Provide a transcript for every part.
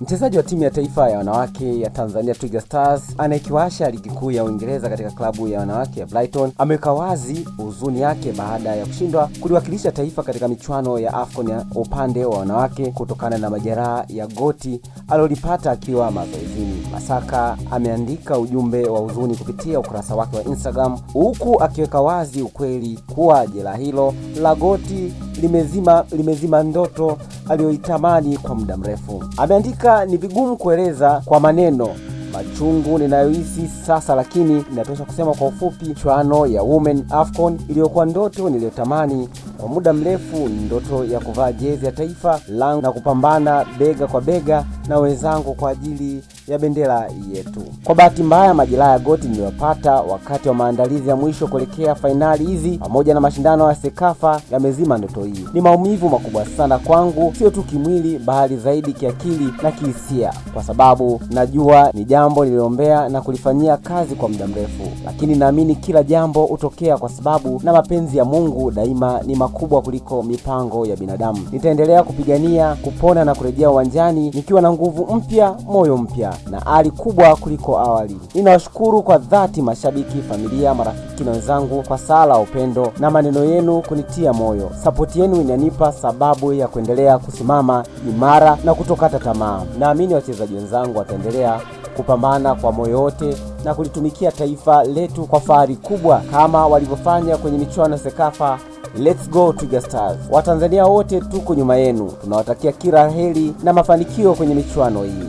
Mchezaji wa timu ya taifa ya wanawake ya Tanzania Twiga Stars anayekiwasha ligi kuu ya Uingereza katika klabu ya wanawake ya Brighton ameweka wazi huzuni yake baada ya kushindwa kuliwakilisha taifa katika michuano ya AFCON ya upande wa wanawake kutokana na majeraha ya goti alilolipata akiwa mazoezini. Masaka ameandika ujumbe wa huzuni kupitia ukurasa wake wa Instagram huku akiweka wazi ukweli kuwa jeraha hilo la goti limezima, limezima ndoto aliyoitamani kwa muda mrefu. Ameandika, ni vigumu kueleza kwa maneno machungu ninayohisi sasa, lakini inatosha kusema kwa ufupi, chwano ya Women AFCON iliyokuwa ndoto niliyotamani kwa muda mrefu ndoto ya kuvaa jezi ya taifa langu na kupambana bega kwa bega na wenzangu kwa ajili ya bendera yetu. Kwa bahati mbaya, majeraha ya goti niliyopata wakati wa maandalizi ya mwisho kuelekea fainali hizi pamoja na mashindano ya Sekafa yamezima ndoto hii. Ni maumivu makubwa sana kwangu, sio tu kimwili, bali zaidi kiakili na kihisia, kwa sababu najua ni jambo liliombea na kulifanyia kazi kwa muda mrefu, lakini naamini kila jambo hutokea kwa sababu, na mapenzi ya Mungu daima ni makubwa kuliko mipango ya binadamu. Nitaendelea kupigania kupona na kurejea uwanjani nikiwa na nguvu mpya, moyo mpya na ari kubwa kuliko awali. Ninawashukuru kwa dhati mashabiki, familia, marafiki na wenzangu kwa sala, upendo na maneno yenu kunitia moyo. Sapoti yenu inanipa sababu ya kuendelea kusimama imara na kutokata tamaa. Naamini wachezaji wenzangu wataendelea kupambana kwa moyo wote na kulitumikia taifa letu kwa fahari kubwa kama walivyofanya kwenye michuano ya Sekafa Let's go Twiga Stars. Watanzania wote tuko nyuma yenu, tunawatakia kila heri na mafanikio kwenye michuano hii.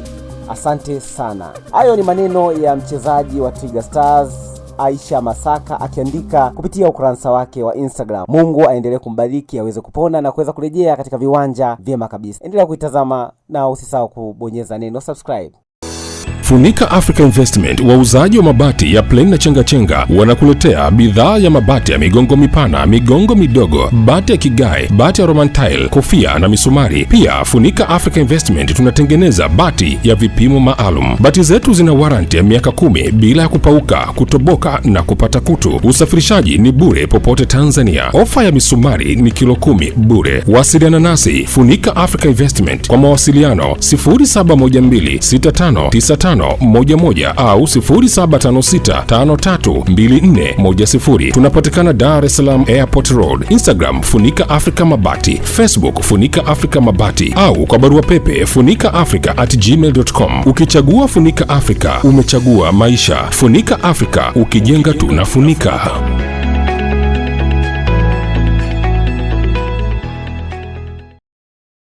Asante sana. Hayo ni maneno ya mchezaji wa Twiga Stars Aisha Masaka akiandika kupitia ukurasa wake wa Instagram. Mungu aendelee kumbariki aweze kupona na kuweza kurejea katika viwanja vyema kabisa. Endelea kuitazama na usisahau kubonyeza neno subscribe. Funika Africa Investment, wauzaji wa mabati ya plain na chengachenga, wanakuletea bidhaa ya mabati ya migongo mipana, migongo midogo, bati ya kigae, bati ya roman tile, kofia na misumari. Pia Funika Africa Investment tunatengeneza bati ya vipimo maalum. Bati zetu zina waranti ya miaka kumi bila ya kupauka, kutoboka na kupata kutu. Usafirishaji ni bure popote Tanzania. Ofa ya misumari ni kilo kumi bure. Wasiliana nasi Funika Africa Investment kwa mawasiliano 07126595 au 0756532410. Tunapatikana Dar es Salaam Airport Road. Instagram Funika Africa Mabati, Facebook Funika Africa Mabati au kwa barua pepe funika africa at gmail.com. Ukichagua Funika Africa umechagua maisha. Funika Africa, ukijenga tunafunika.